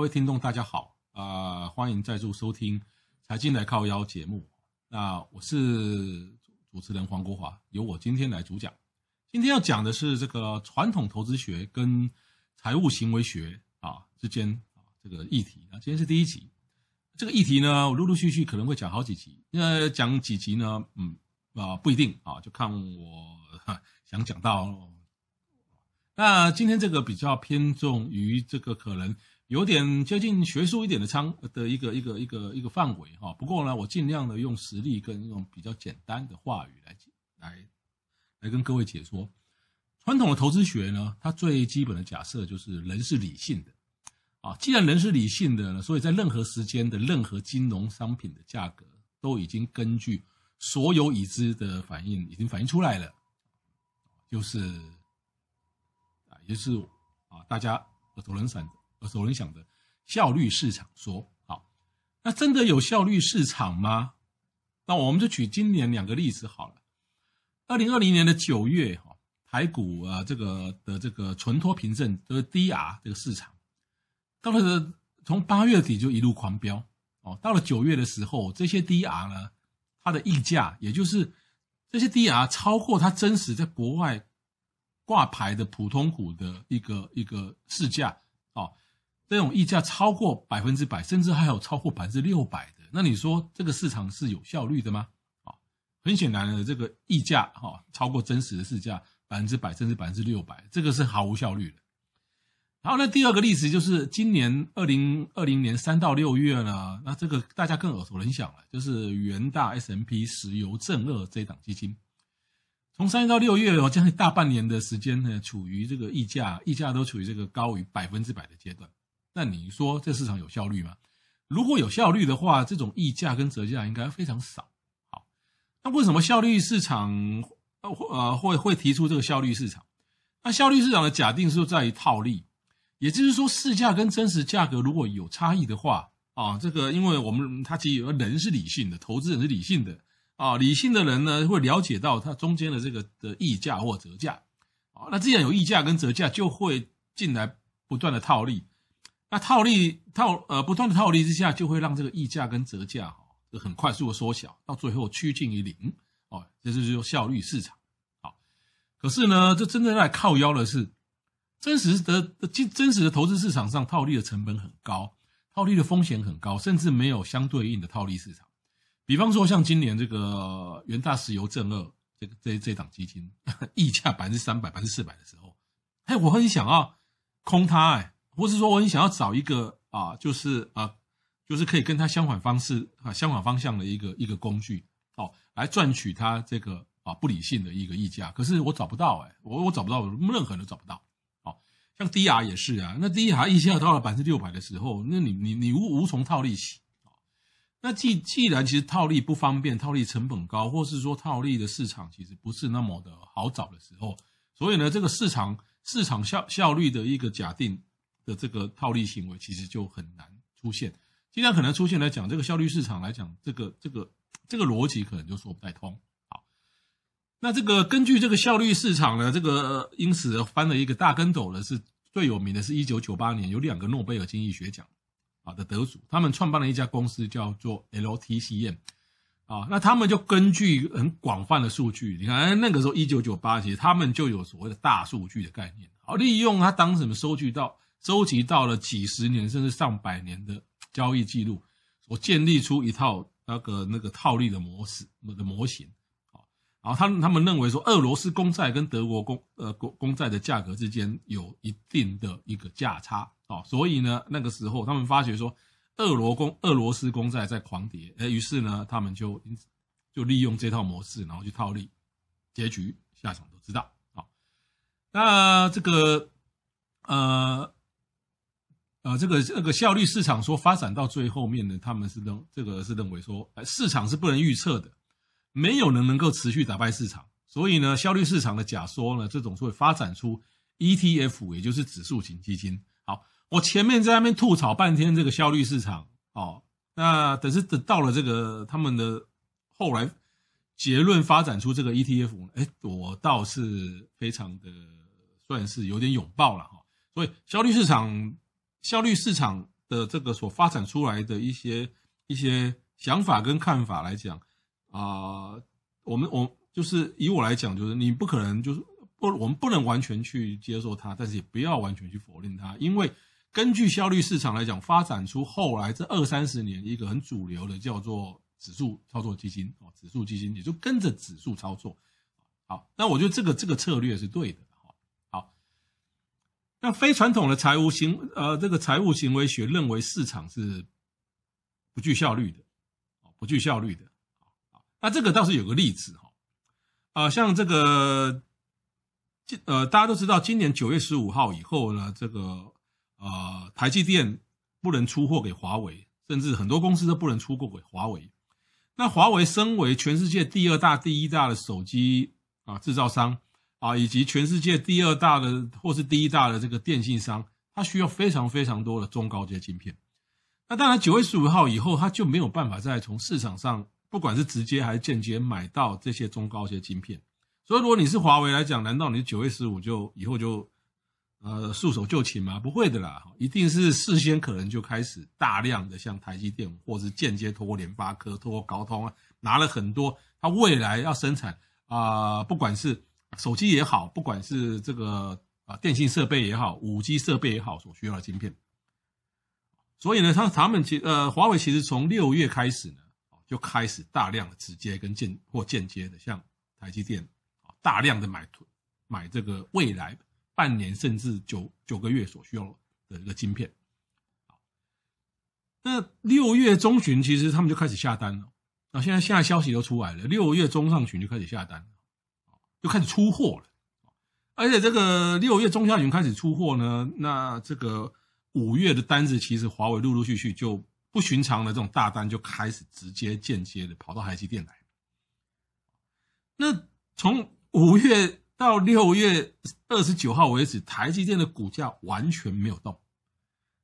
各位聽眾，大家好啊、呃！歡迎再度收聽《財經來靠腰》節目。那我是主持人黃國華，由我今天來主講。今天要講的是這個傳統投資學跟財務行為學啊之間啊這個議題。那今天是第一集，這個議題呢，我陸陸續續可能會講好幾集。那講幾集呢？嗯啊、呃，不一定啊，就看我想講到。那今天這個比較偏重於這個可能。有點接近學術一點的倉的一個一個一個一個範圍哈、哦，不過呢，我儘量的用實例跟用比較簡單的話語來來來跟各位解說。傳統的投資學呢，它最基本的假設就是人是理性的啊。既然人是理性的呢，所以在任何時間的任何金融商品的價格都已經根據所有已知的反應已經反映出來了，就是啊，也是啊，大家我投人散。我首先想的效率市場說好，那真的有效率市場嗎？那我們就舉今年兩個例子好了。二零二零年的九月，哈，台股啊，這個的這個存托憑證，的、就是、DR 這個市場，到了從八月底就一路狂飆哦，到了九月的時候，這些 DR 呢，它的溢價，也就是這些 DR 超過它真實在國外掛牌的普通股的一個一個市價。這種溢價超過百分之百，甚至還有超過百分之六百的，那你說這個市場是有效率的嗎？哦、很顯然的，這個溢價哈、哦、超過真實的市價百分之百，甚至百分之六百，這個是毫無效率的。然後那第二個例子就是今年二零二零年三到六月呢，那這個大家更耳熟能詳了，就是元大 S&P 石油正二這一檔基金，從三月到六月哦，將近大半年的時間呢，處於這個溢價，溢價都處於這個高於百分之百的階段。那你說這市場有效率嗎？如果有效率的話，這種溢價跟折價應該非常少。好，那為什麼效率市場，呃，會會提出這個效率市場？那效率市場的假定是在於套利，也就是說市價跟真實價格如果有差異的話啊，這個因為我們它其實有人是理性的，投資人是理性的啊，理性的人呢會了解到它中間的這個的溢價或折價。那既然有溢價跟折價，就會進來不斷的套利。那套利套呃不斷的套利之下，就會讓這個溢價跟折價哈，就很快速的縮小，到最後趨近於零哦，這就是效率市場。好、哦，可是呢，這真正在靠腰的是真實的、真真實的投資市場上，套利的成本很高，套利的風險很高，甚至沒有相對應的套利市場。比方說，像今年這個元大石油正二這個這這檔基金，溢價百分之三百、百分之四百的時候，嘿，我很想啊，空它哎。不是說，我你想要找一個啊，就是啊，就是可以跟它相反方式啊，相反方向的一個一個工具哦，來賺取它這個啊不理性的一個溢價，可是我找不到哎、欸，我我找不到，任何人都找不到。哦，像 DR 也是啊，那 DR 溢價到了百分之六百的時候，那你你你無無從套利起啊、哦。那既既然其實套利不方便，套利成本高，或是說套利的市場其實不是那麼的好找的時候，所以呢，這個市場市場效效率的一個假定，的這個套利行為其實就很難出現，既然可能出現來講，這個效率市場來講，這個這個這個邏輯可能就說不太通。好，那這個根據這個效率市場呢，這個因此翻了一個大跟頭的，是最有名的，是一九九八年有兩個諾貝爾經濟學獎好的得主，他們創辦了一家公司叫做 LTCM 啊，那他們就根據很廣泛的數據，你看那個時候一九九八，其實他們就有所謂的大數據的概念，好，利用他當什麼收集到。收集到了幾十年甚至上百年的交易記錄，我建立出一套那個那個套利的模式的，那個模型啊，然後他們他們認為說，俄羅斯公債跟德國公呃公公債的價格之間有一定的一個價差啊，所以呢，那個時候他們發覺說，俄羅公俄羅斯公債在狂跌，哎，於是呢，他們就就利用這套模式，然後去套利，結局下場都知道啊，那這個呃。呃，這個這個效率市場說發展到最後面呢，他們是認這個是認為說，市場是不能預測的，沒有人能夠持續打敗市場，所以呢，效率市場的假說呢，這種會發展出 ETF，也就是指數型基金。好，我前面在那邊吐槽半天這個效率市場，哦，那等是等到了這個他們的後來結論發展出這個 ETF，哎，我倒是非常的算是有點擁抱了哈，所以效率市場，效率市場的這個所發展出來的一些一些想法跟看法來講，啊、呃，我們我就是以我來講，就是你不可能就是不，我們不能完全去接受它，但是也不要完全去否定它，因為根據效率市場來講，發展出後來這二三十年一個很主流的叫做指數操作基金哦，指數基金也就跟着指數操作，好，那我覺得這個這個策略是對的。那非傳統的財務行，呃，這個財務行為學認為市場是不具效率的，不具效率的，啊，那這個倒是有個例子哈，啊、呃，像這個，呃，大家都知道，今年九月十五號以後呢，這個，呃，台積電不能出貨給華為，甚至很多公司都不能出貨給華為。那華為身為全世界第二大、第一大的手機啊製造商。啊，以及全世界第二大的或是第一大的這個電信商，它需要非常非常多的中高階晶片。那當然，九月十五號以後，它就沒有辦法再從市場上，不管是直接還是間接買到這些中高階晶片。所以，如果你是華為來講，難道你九月十五就以後就呃束手就擒嗎？不會的啦，一定是事先可能就開始大量的像台積電，或是間接通過聯發科、通過高通啊，拿了很多它未來要生產啊，呃，不管是。手機也好，不管是這個啊電信設備也好，5G 設備也好，所需要的晶片。所以呢，他他們其呃，華為其實從六月開始呢，就開始大量的直接跟間或間接的，像台積電，大量的買買這個未來半年甚至九九個月所需要的一個晶片。那六月中旬其實他們就開始下單了，那現在現在消息都出來了，六月中上旬就開始下單了，就開始出貨了，而且這個六月中下旬開始出貨呢，那這個五月的單子，其實華為陸陸續續就不尋常的這種大單就開始直接間接的跑到台積電來。那從五月到六月二十九號為止，台積電的股價完全沒有動，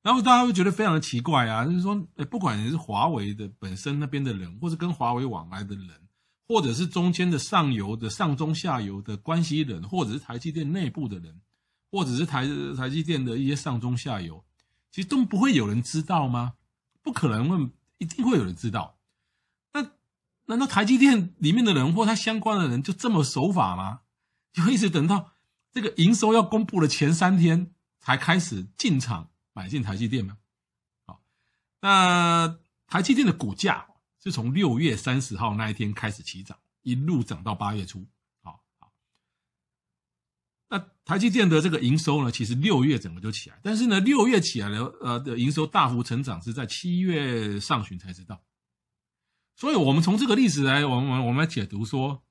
然後大家會覺得非常的奇怪啊，就是說，不管你是華為的本身那邊的人，或是跟華為往來的人。或者是中間的上游的上中下游的關係人，或者是台積電內部的人，或者是台台積電的一些上中下游，其實都不會有人知道嗎？不可能問，一定會有人知道。那難道台積電裡面的人或他相關的人就這麼守法嗎？就一直等到這個營收要公布的前三天才開始進場買進台積電嗎？好，那台積電的股價。就從六月三十號那一天開始起漲，一路漲到八月初，好，那台積電的這個營收呢，其實六月整個就起來，但是呢，六月起來了，呃，的營收大幅成長是在七月上旬才知道。所以，我們從這個例子來，我們我們我們來解讀說，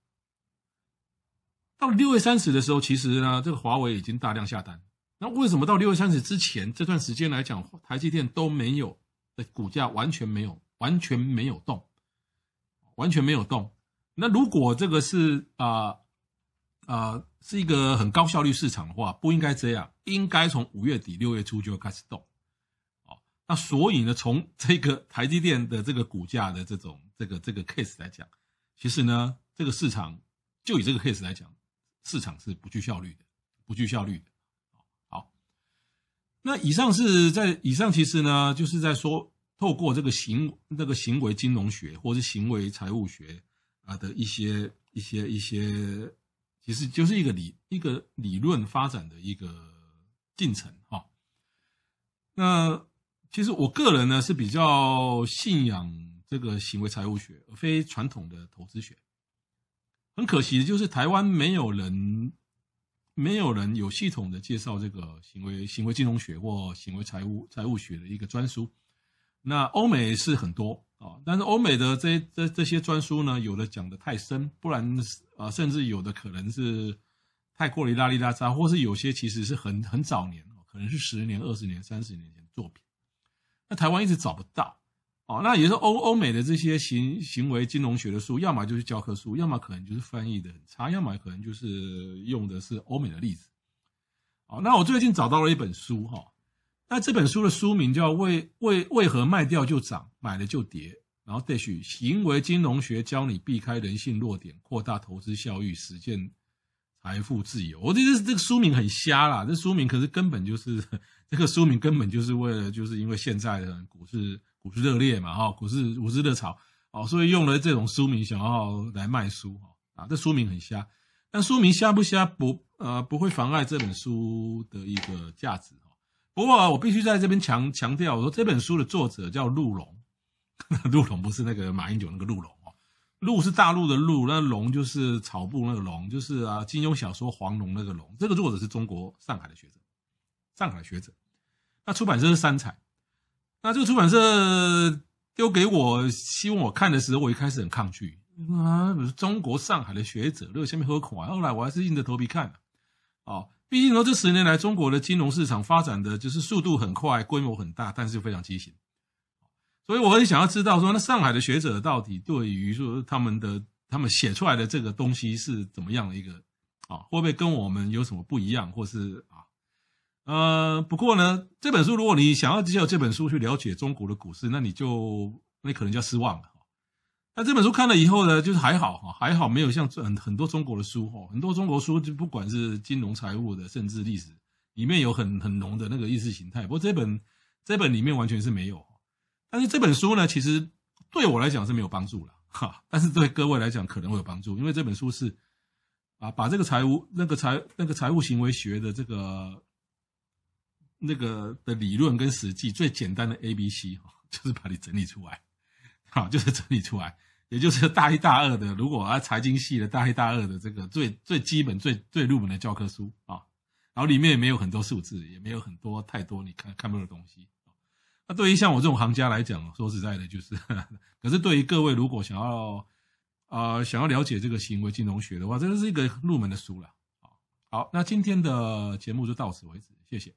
到六月三十的時候，其實呢，這個華為已經大量下單。那為什麼到六月三十之前這段時間來講，台積電都沒有的股價完全沒有。完全沒有動，完全沒有動。那如果這個是啊啊、呃呃、是一個很高效率市場的話，不應該這樣，應該從五月底六月初就開始動。哦，那所以呢，從這個台積電的這個股價的這種這個這個 case 來講，其實呢，這個市場就以這個 case 來講，市場是不具效率的，不具效率的。好，那以上是在以上，其實呢，就是在說。透過這個行那個行為金融學或是行為財務學啊的一些一些一些，其實就是一個理一個理論發展的一個進程哈。那其實我個人呢是比較信仰這個行為財務學，而非傳統的投資學。很可惜的就是台灣沒有人沒有人有系統的介紹這個行為行為金融學或行為財務財務學的一個專書。那歐美是很多啊，但是歐美的這這這些專書呢，有的講的太深，不然啊，甚至有的可能是太過於邋裡邋遢，或是有些其實是很很早年，可能是十年、二十年、三十年前的作品，那台灣一直找不到哦。那也是歐歐美的這些行行為金融學的書，要麼就是教科書，要麼可能就是翻譯的很差，要麼可能就是用的是歐美的例子。好，那我最近找到了一本書哈。那這本書的書名叫為《為為為何賣掉就漲，買了就跌》，然後也許行為金融學教你避開人性弱點，擴大投資效益，實現財富自由。我覺得這個書名很瞎啦！這書名可是根本就是這個書名，根本就是為了就是因為現在的股市股市熱烈嘛，哈，股市股市熱潮哦，所以用了這種書名想要來賣書啊啊！這書名很瞎，但書名瞎不瞎不呃不會妨礙這本書的一個價值。不過、啊、我必須在這邊強強調，我說這本書的作者叫陸蓉，陸蓉不是那個馬英九那個陸蓉哦，陸是大陸的陸，那蓉就是草部那個蓉，就是啊金庸小說黃蓉那個蓉，這個作者是中國上海的學者，上海的學者，那出版社是三采，那這個出版社丟給我希望我看的時候，我一開始很抗拒、嗯、啊，說中國上海的學者，那個下面喝恐啊，後、哦、來我還是硬着頭皮看、啊，哦。畢竟說這十年來，中國的金融市場發展的就是速度很快，規模很大，但是又非常畸形。所以我很想要知道說，那上海的學者到底對於說他們的他們寫出來的這個東西是怎麼樣的一個啊？會不會跟我們有什麼不一樣，或是啊？呃，不過呢，這本書如果你想要藉這本書去了解中國的股市，那你就那可能就要失望了。那這本書看了以後呢，就是還好哈，還好沒有像很很多中國的書哦，很多中國書就不管是金融財務的，甚至歷史裡面有很很濃的那個意識形態。不過這本這本裡面完全是沒有。但是這本書呢，其實對我來講是沒有幫助啦，哈，但是對各位來講可能會有幫助，因為這本書是啊，把這個財務那個財那個財務行為學的這個那個的理論跟實際最簡單的 ABC，就是把你整理出來，好，就是整理出來。也就是大一、大二的，如果啊財經系的，大一、大二的這個最最基本、最最入門的教科書啊，然後裡面也沒有很多數字，也沒有很多太多你看看不懂的東西。那、啊、對於像我這種行家來講，說實在的，就是呵呵；可是對於各位如果想要，啊、呃、想要了解這個行為金融學的話，這就是一個入門的書了啊。好，那今天的節目就到此為止，謝謝。